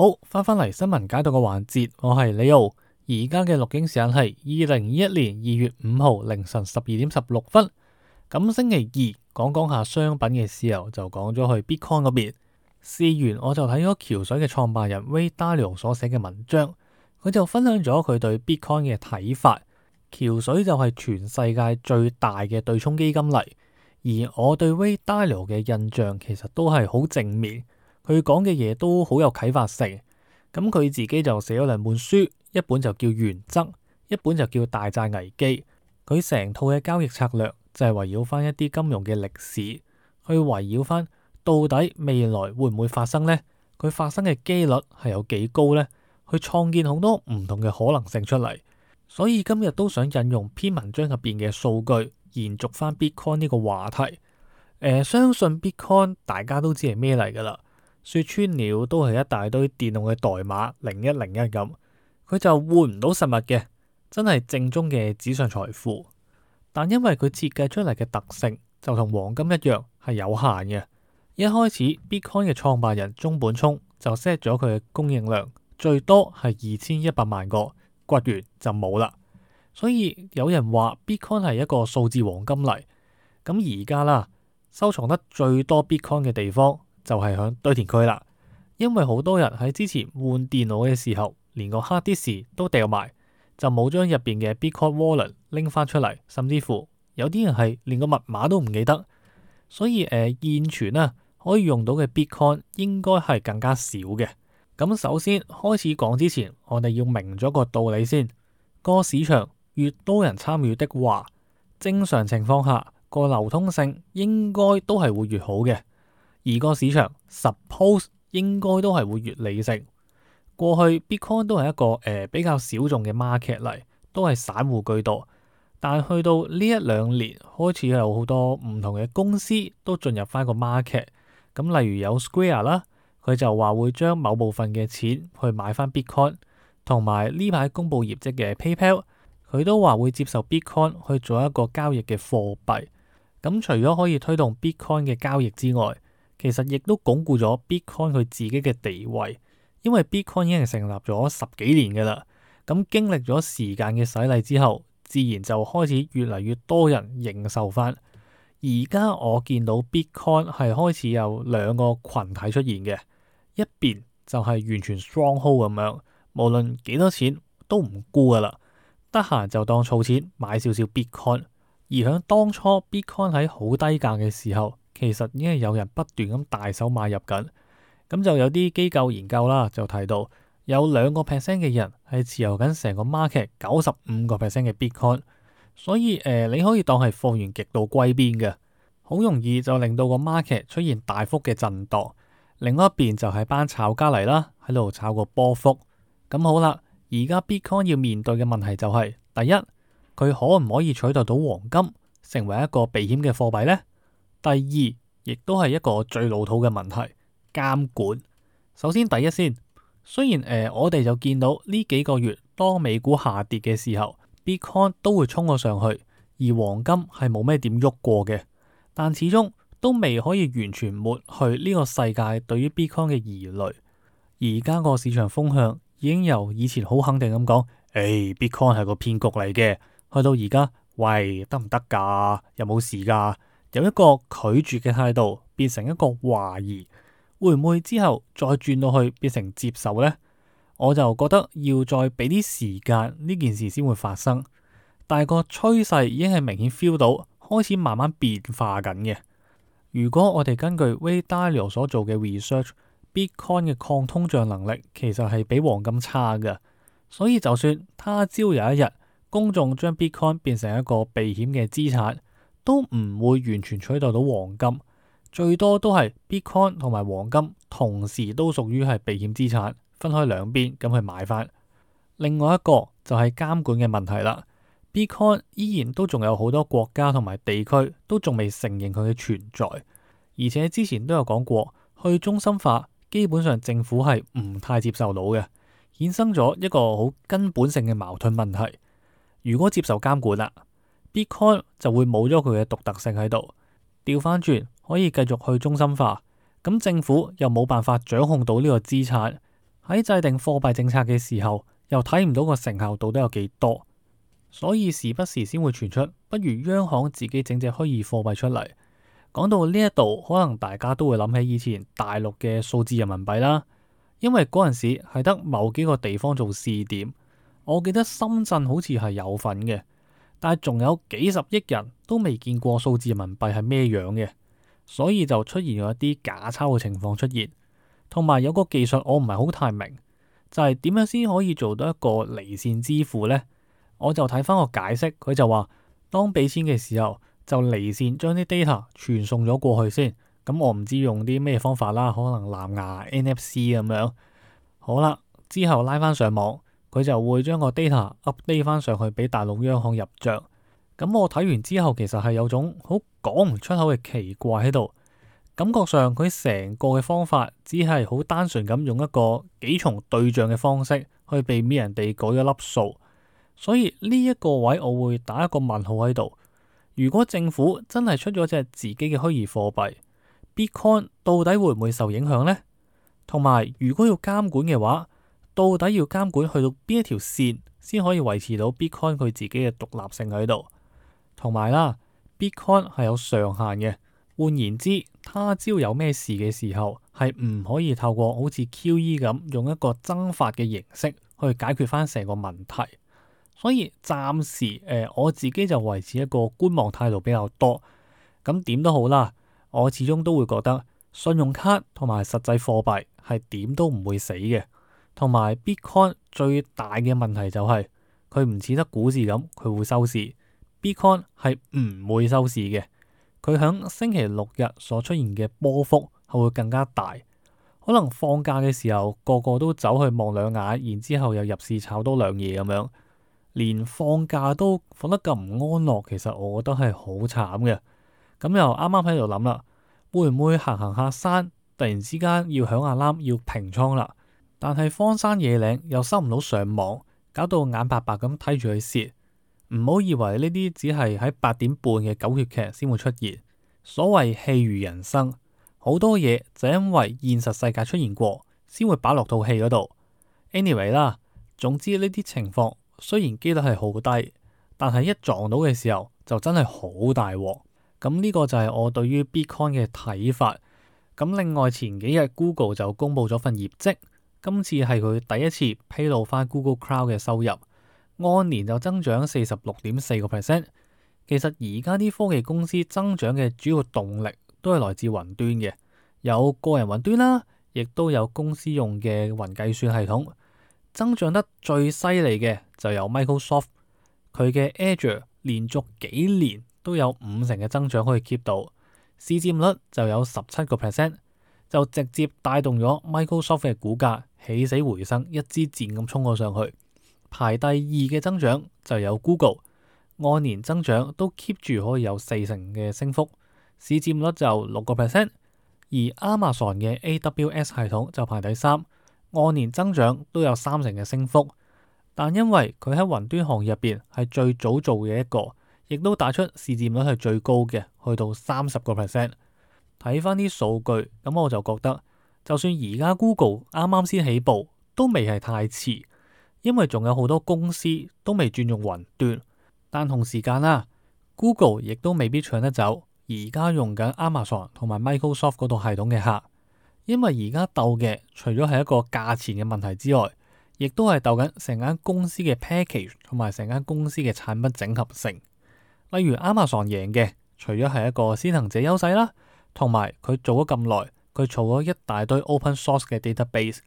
好，翻返嚟新聞解讀嘅環節，我係李奧。而家嘅錄影時間係二零二一年二月五號凌晨十二點十六分。咁星期二講講下商品嘅時候，就講咗去 Bitcoin 嗰邊。試完我就睇咗橋水嘅創辦人 Ray Dalio 所寫嘅文章，佢就分享咗佢對 Bitcoin 嘅睇法。橋水就係全世界最大嘅對沖基金嚟，而我對 Ray Dalio 嘅印象其實都係好正面。佢講嘅嘢都好有啟發性，咁佢自己就寫咗兩本書，一本就叫《原則》，一本就叫《大債危機》。佢成套嘅交易策略就係圍繞翻一啲金融嘅歷史，去圍繞翻到底未來會唔會發生呢？佢發生嘅機率係有幾高呢？去創建好多唔同嘅可能性出嚟。所以今日都想引用篇文章入邊嘅數據，延續翻 Bitcoin 呢個話題。誒，相信 Bitcoin 大家都知係咩嚟㗎啦。說穿了都係一大堆電腦嘅代碼，零一零一咁，佢就換唔到實物嘅，真係正宗嘅紙上財富。但因為佢設計出嚟嘅特性就同黃金一樣係有限嘅，一開始 Bitcoin 嘅創辦人中本聰就 set 咗佢嘅供應量最多係二千一百萬個，掘完就冇啦。所以有人話 Bitcoin 係一個數字黃金嚟。咁而家啦，收藏得最多 Bitcoin 嘅地方。就係喺堆填區啦，因為好多人喺之前換電腦嘅時候，連個 hard disk 都掉埋，就冇將入邊嘅 Bitcoin Wallet 拎翻出嚟，甚至乎有啲人係連個密碼都唔記得，所以誒、呃、現存啊可以用到嘅 Bitcoin 應該係更加少嘅。咁首先開始講之前，我哋要明咗個道理先。這個市場越多人參與的話，正常情況下，這個流通性應該都係會越好嘅。而個市場 suppose 應該都係會越理性。過去 Bitcoin 都係一個誒、呃、比較小眾嘅 market 嚟，都係散戶居多。但去到呢一兩年開始有好多唔同嘅公司都進入翻個 market。咁、嗯、例如有 Square 啦，佢就話會將某部分嘅錢去買翻 Bitcoin。同埋呢排公佈業績嘅 PayPal，佢都話會接受 Bitcoin 去做一個交易嘅貨幣。咁、嗯、除咗可以推動 Bitcoin 嘅交易之外，其實亦都鞏固咗 Bitcoin 佢自己嘅地位，因為 Bitcoin 已經成立咗十幾年噶啦，咁經歷咗時間嘅洗禮之後，自然就開始越嚟越多人認受翻。而家我見到 Bitcoin 係開始有兩個群體出現嘅，一邊就係完全 stronghold 咁樣，無論幾多錢都唔沽噶啦，得閒就當儲錢買少少 Bitcoin。而喺當初 Bitcoin 喺好低價嘅時候。其實已經係有人不斷咁大手買入緊，咁就有啲機構研究啦，就提到有兩個 percent 嘅人係持有緊成個 market 九十五個 percent 嘅 bitcoin，所以誒、呃、你可以當係貨源極度歸邊嘅，好容易就令到個 market 出現大幅嘅震蕩。另外一邊就係班炒家嚟啦，喺度炒個波幅。咁好啦，而家 bitcoin 要面對嘅問題就係、是，第一佢可唔可以取代到黃金成為一個避險嘅貨幣呢？第二，亦都係一個最老土嘅問題，監管。首先，第一先，雖然誒、呃、我哋就見到呢幾個月當美股下跌嘅時候，Bitcoin 都會衝咗上去，而黃金係冇咩點喐過嘅，但始終都未可以完全抹去呢個世界對於 Bitcoin 嘅疑慮。而家個市場風向已經由以前好肯定咁講，誒、哎、Bitcoin 係個騙局嚟嘅，去到而家，喂，得唔得噶？有冇事噶？由一個拒絕嘅態度，變成一個懷疑，會唔會之後再轉到去變成接受呢？我就覺得要再俾啲時間呢件事先會發生，但係個趨勢已經係明顯 feel 到開始慢慢變化緊嘅。如果我哋根據 Ray Dalio 所做嘅 research，Bitcoin 嘅抗通脹能力其實係比黃金差嘅，所以就算他朝有一日公眾將 Bitcoin 變成一個避險嘅資產。都唔會完全取代到黃金，最多都係 Bitcoin 同埋黃金同時都屬於係避險資產，分開兩邊咁去買翻。另外一個就係監管嘅問題啦，Bitcoin 依然都仲有好多國家同埋地區都仲未承認佢嘅存在，而且之前都有講過，去中心化基本上政府係唔太接受到嘅，衍生咗一個好根本性嘅矛盾問題。如果接受監管啦、啊，Bitcoin 就會冇咗佢嘅獨特性喺度，調翻轉可以繼續去中心化，咁政府又冇辦法掌控到呢個資產，喺制定貨幣政策嘅時候又睇唔到個成效到底有幾多，所以時不時先會傳出不如央行自己整隻虛擬貨幣出嚟。講到呢一度，可能大家都會諗起以前大陸嘅數字人民幣啦，因為嗰陣時係得某幾個地方做試點，我記得深圳好似係有份嘅。但係仲有幾十億人都未見過數字人民幣係咩樣嘅，所以就出現咗一啲假鈔嘅情況出現，同埋有嗰個技術我唔係好太明，就係點樣先可以做到一個離線支付呢？我就睇翻個解釋，佢就話當俾錢嘅時候就離線將啲 data 傳送咗過去先，咁我唔知用啲咩方法啦，可能藍牙 NFC 咁樣，好啦，之後拉翻上網。佢就會將個 data update 翻上去俾大陸央行入賬，咁我睇完之後，其實係有種好講唔出口嘅奇怪喺度，感覺上佢成個嘅方法只係好單純咁用一個幾重對象嘅方式去避免人哋改咗粒數，所以呢一個位我會打一個問號喺度。如果政府真係出咗隻自己嘅虛擬貨幣 Bitcoin，到底會唔會受影響呢？同埋，如果要監管嘅話？到底要監管去到邊一條線，先可以維持到 Bitcoin 佢自己嘅獨立性喺度，同埋啦，Bitcoin 係有上限嘅。換言之，他朝有咩事嘅時候，係唔可以透過好似 QE 咁用一個增發嘅形式去解決翻成個問題。所以暫時誒、呃，我自己就維持一個觀望態度比較多。咁點都好啦，我始終都會覺得信用卡同埋實際貨幣係點都唔會死嘅。同埋 Bitcoin 最大嘅問題就係佢唔似得股市咁，佢會收市。Bitcoin 係唔會收市嘅，佢響星期六日所出現嘅波幅係會更加大。可能放假嘅時候個個都走去望兩眼，然之後又入市炒多兩嘢咁樣，連放假都放得咁唔安樂，其實我覺得係好慘嘅。咁又啱啱喺度諗啦，會唔會行行下山，突然之間要響下攬要平倉啦？但係荒山野嶺又收唔到上網，搞到眼白白咁睇住佢蝕。唔好以為呢啲只係喺八點半嘅狗血劇先會出現。所謂戲如人生，好多嘢就因為現實世界出現過，先會擺落到戲嗰度。Anyway 啦，總之呢啲情況雖然機率係好低，但係一撞到嘅時候就真係好大鑊啊。咁、嗯、呢個就係我對於 Bitcoin 嘅睇法。咁、嗯、另外前幾日 Google 就公布咗份業績。今次係佢第一次披露返 Google Cloud 嘅收入，按年就增長四十六點四個 percent。其實而家啲科技公司增長嘅主要動力都係來自雲端嘅，有個人雲端啦，亦都有公司用嘅雲計算系統。增長得最犀利嘅就有 Microsoft，佢嘅 Azure 連續幾年都有五成嘅增長可以 keep 到，市占率就有十七個 percent，就直接帶動咗 Microsoft 嘅股價。起死回生，一支箭咁衝咗上去，排第二嘅增長就有 Google，按年增長都 keep 住可以有四成嘅升幅，市占率就六個 percent，而 Amazon 嘅 AWS 系統就排第三，按年增長都有三成嘅升幅，但因為佢喺雲端行業入邊係最早做嘅一個，亦都打出市占率係最高嘅，去到三十個 percent，睇翻啲數據咁我就覺得。就算而家 Google 啱啱先起步，都未係太遲，因為仲有好多公司都未轉用雲端。但同時間啦，啊，Google 亦都未必搶得走而家用緊 Amazon 同埋 Microsoft 嗰套系統嘅客，因為而家鬥嘅除咗係一個價錢嘅問題之外，亦都係鬥緊成間公司嘅 package 同埋成間公司嘅產品整合性。例如 Amazon 贏嘅，除咗係一個先行者優勢啦，同埋佢做咗咁耐。佢做咗一大堆 open source 嘅 database，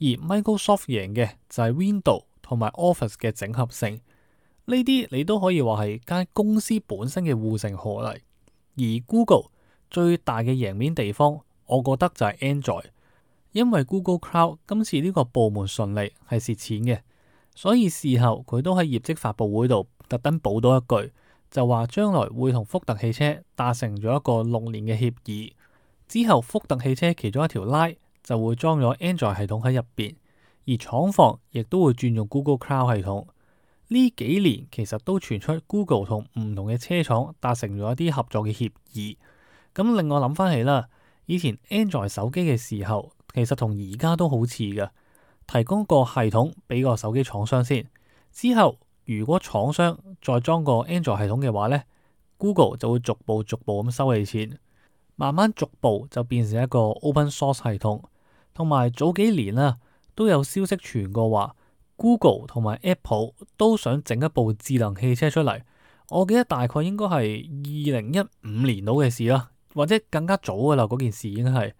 而 Microsoft 贏嘅就係 Windows 同埋 Office 嘅整合性，呢啲你都可以話係間公司本身嘅護城河嚟。而 Google 最大嘅贏面地方，我覺得就係 Android，因為 Google Cloud 今次呢個部門順利係蝕錢嘅，所以事後佢都喺業績發布會度特登補多一句，就話將來會同福特汽車達成咗一個六年嘅協議。之後福特汽車其中一條拉，就會裝咗 Android 系統喺入邊，而廠房亦都會轉用 Google Cloud 系統。呢幾年其實都傳出 Google 同唔同嘅車廠達成咗一啲合作嘅協議。咁令我諗翻起啦，以前 Android 手機嘅時候，其實同而家都好似嘅，提供個系統俾個手機廠商先，之後如果廠商再裝個 Android 系統嘅話呢，Google 就會逐步逐步咁收你錢。慢慢逐步就變成一個 open source 系統，同埋早幾年啦，都有消息傳過話，Google 同埋 Apple 都想整一部智能汽車出嚟。我記得大概應該係二零一五年到嘅事啦，或者更加早噶啦，嗰件事已經係。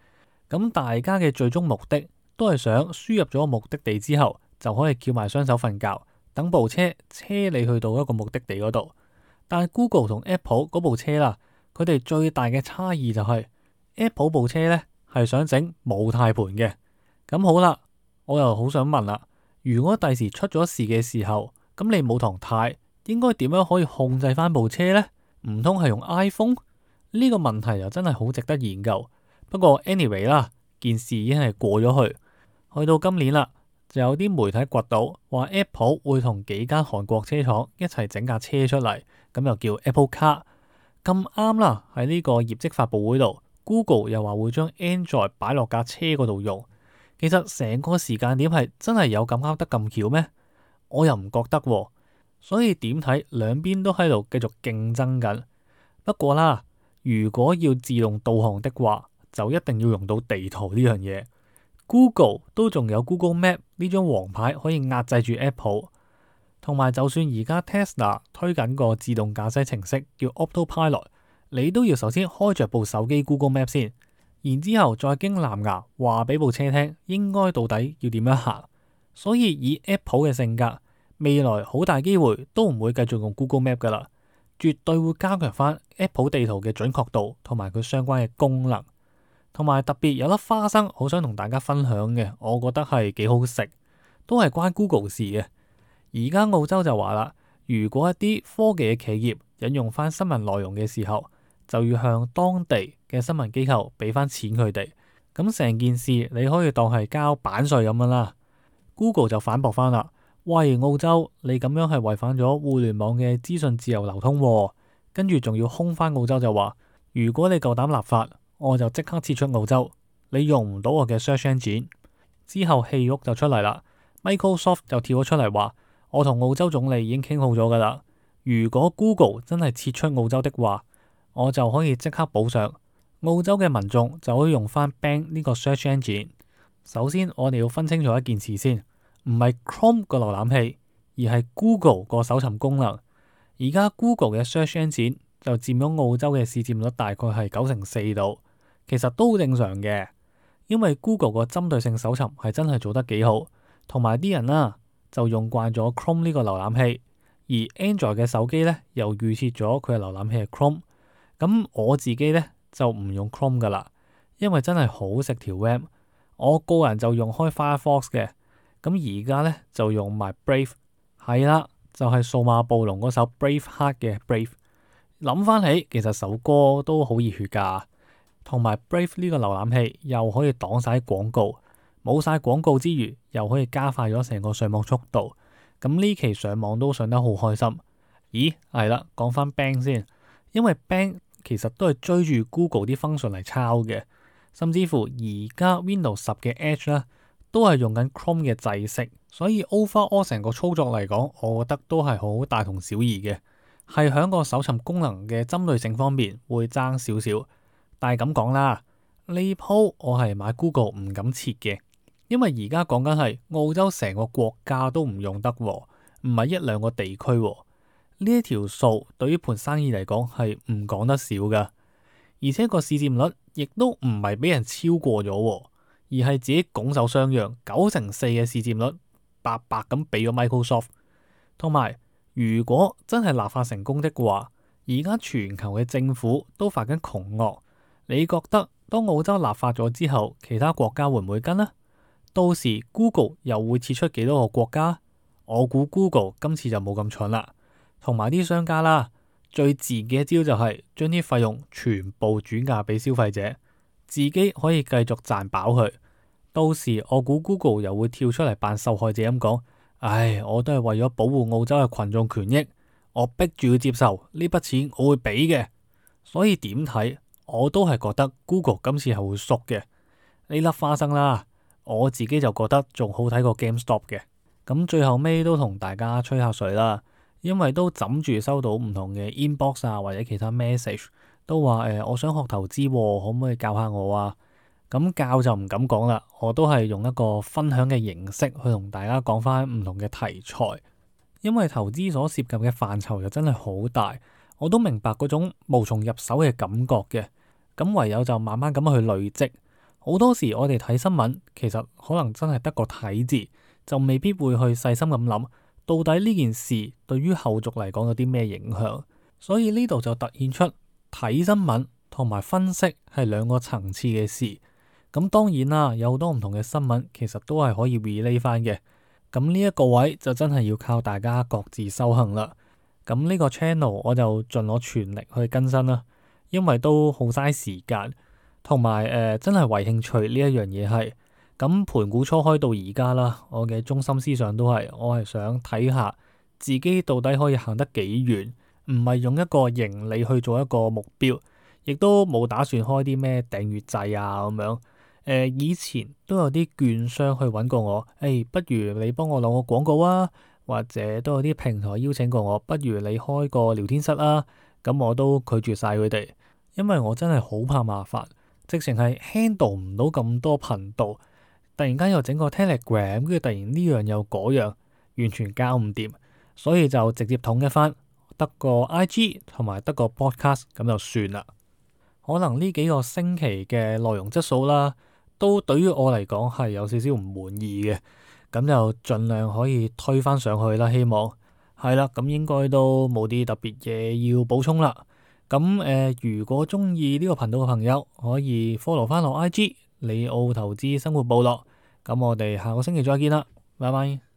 咁大家嘅最終目的都係想輸入咗個目的地之後，就可以叫埋雙手瞓覺，等部車載你去到一個目的地嗰度。但 Google 同 Apple 嗰部車啦。佢哋最大嘅差異就係 Apple 部車呢係想整冇軚盤嘅，咁好啦，我又好想問啦，如果第時出咗事嘅時候，咁你冇軚盤，應該點樣可以控制翻部車呢？唔通係用 iPhone？呢個問題又真係好值得研究。不過 anyway 啦，件事已經係過咗去，去到今年啦，就有啲媒體掘到話 Apple 會同幾間韓國車廠一齊整架車出嚟，咁又叫 Apple Car。咁啱啦，喺呢個業績發佈會度，Google 又話會將 Android 擺落架車嗰度用。其實成個時間點係真係有咁啱得咁巧咩？我又唔覺得喎，所以點睇兩邊都喺度繼續競爭緊。不過啦，如果要自動導航的話，就一定要用到地圖呢樣嘢。Google 都仲有 Google Map 呢張王牌可以壓制住 Apple。同埋，就算而家 Tesla 推緊個自動駕駛程式叫 AutoPilot，你都要首先開着部手機 Google Map 先，然之後再經藍牙話俾部車聽，應該到底要點樣行。所以以 Apple 嘅性格，未來好大機會都唔會繼續用 Google Map 噶啦，絕對會加強翻 Apple 地圖嘅準確度同埋佢相關嘅功能。同埋特別有粒花生，好想同大家分享嘅，我覺得係幾好食，都係關 Google 事嘅。而家澳洲就話啦，如果一啲科技嘅企業引用翻新聞內容嘅時候，就要向當地嘅新聞機構俾翻錢佢哋，咁成件事你可以當係交版稅咁樣啦。Google 就反駁翻啦，喂澳洲，你咁樣係違反咗互聯網嘅資訊自由流通喎，跟住仲要空翻澳洲就話，如果你夠膽立法，我就即刻撤出澳洲，你用唔到我嘅 search engine。之後戲肉就出嚟啦，Microsoft 就跳咗出嚟話。我同澳洲總理已經傾好咗噶啦。如果 Google 真係撤出澳洲的話，我就可以即刻補上，澳洲嘅民眾就可以用翻 Bing 呢個 search engine。首先我哋要分清楚一件事先，唔係 Chrome 個瀏覽器，而係 Google 個搜尋功能。而家 Google 嘅 search engine 就佔咗澳洲嘅市佔率大概係九成四度，其實都好正常嘅，因為 Google 個針對性搜尋係真係做得幾好，同埋啲人啦、啊。就用慣咗 Chrome 呢個瀏覽器，而 Android 嘅手機咧又預設咗佢嘅瀏覽器係 Chrome。咁我自己咧就唔用 Chrome 噶啦，因為真係好食條 RAM。我個人就用開 Firefox 嘅，咁而家咧就用埋 Brave。係啦，就係數碼暴龍嗰首 Brave Heart 嘅 Brave。諗翻起，其實首歌都好熱血噶，同埋 Brave 呢個瀏覽器又可以擋晒啲廣告。冇晒廣告之餘，又可以加快咗成個上網速度。咁呢期上網都上得好開心。咦，係啦，講翻 Bang 先，因為 Bang 其實都係追住 Google 啲 function 嚟抄嘅，甚至乎而家 Windows 10嘅 Edge 咧都係用緊 Chrome 嘅制式，所以 overall 成個操作嚟講，我覺得都係好大同小異嘅。係響個搜尋功能嘅針對性方面會爭少少，但係咁講啦，呢鋪我係買 Google 唔敢切嘅。因為而家講緊係澳洲成個國家都唔用得、喎，唔係一兩個地區呢、喎、一條數對於盤生意嚟講係唔講得少噶。而且個市佔率亦都唔係俾人超過咗、喎，而係自己拱手相讓九成四嘅市佔率白白咁俾咗 Microsoft。同埋，如果真係立法成功的話，而家全球嘅政府都發緊窮惡。你覺得當澳洲立法咗之後，其他國家會唔會跟呢？到時 Google 又會撤出幾多個國家？我估 Google 今次就冇咁蠢啦，同埋啲商家啦，最自然嘅招就係將啲費用全部轉嫁俾消費者，自己可以繼續賺飽佢。到時我估 Google 又會跳出嚟扮受害者咁講，唉，我都係為咗保護澳洲嘅群眾權益，我逼住要接受呢筆錢，我會俾嘅。所以點睇？我都係覺得 Google 今次係會縮嘅。呢粒花生啦。我自己就覺得仲好睇過 GameStop 嘅。咁最後尾都同大家吹下水啦，因為都枕住收到唔同嘅 inbox 啊，或者其他 message，都話誒、呃、我想學投資啊，可唔可以教下我啊？咁教就唔敢講啦，我都係用一個分享嘅形式去同大家講翻唔同嘅題材，因為投資所涉及嘅範疇又真係好大，我都明白嗰種無從入手嘅感覺嘅，咁唯有就慢慢咁去累積。好多時我哋睇新聞，其實可能真係得個睇字，就未必會去細心咁諗，到底呢件事對於後續嚟講有啲咩影響。所以呢度就凸顯出睇新聞同埋分析係兩個層次嘅事。咁當然啦，有好多唔同嘅新聞，其實都係可以 relate 翻嘅。咁呢一個位就真係要靠大家各自修行啦。咁呢個 channel 我就盡我全力去更新啦，因為都好嘥時間。同埋誒，真係為興趣呢一樣嘢係咁盤古初開到而家啦，我嘅中心思想都係我係想睇下自己到底可以行得幾遠，唔係用一個盈利去做一個目標，亦都冇打算開啲咩訂閱制啊咁樣。誒、呃，以前都有啲券商去揾過我，誒、哎，不如你幫我攞個廣告啊，或者都有啲平台邀請過我，不如你開個聊天室啊，咁我都拒絕晒佢哋，因為我真係好怕麻煩。直情係 handle 唔到咁多頻道，突然間又整個 Telegram，跟住突然呢樣又嗰樣，完全搞唔掂，所以就直接統一返得個 IG 同埋得個 Podcast 咁就算啦。可能呢幾個星期嘅內容質素啦，都對於我嚟講係有少少唔滿意嘅，咁就盡量可以推返上去啦。希望係啦，咁應該都冇啲特別嘢要補充啦。咁誒、呃，如果鍾意呢個頻道嘅朋友，可以 follow 翻我 IG 李奧投資生活部落。咁我哋下個星期再見啦，拜拜。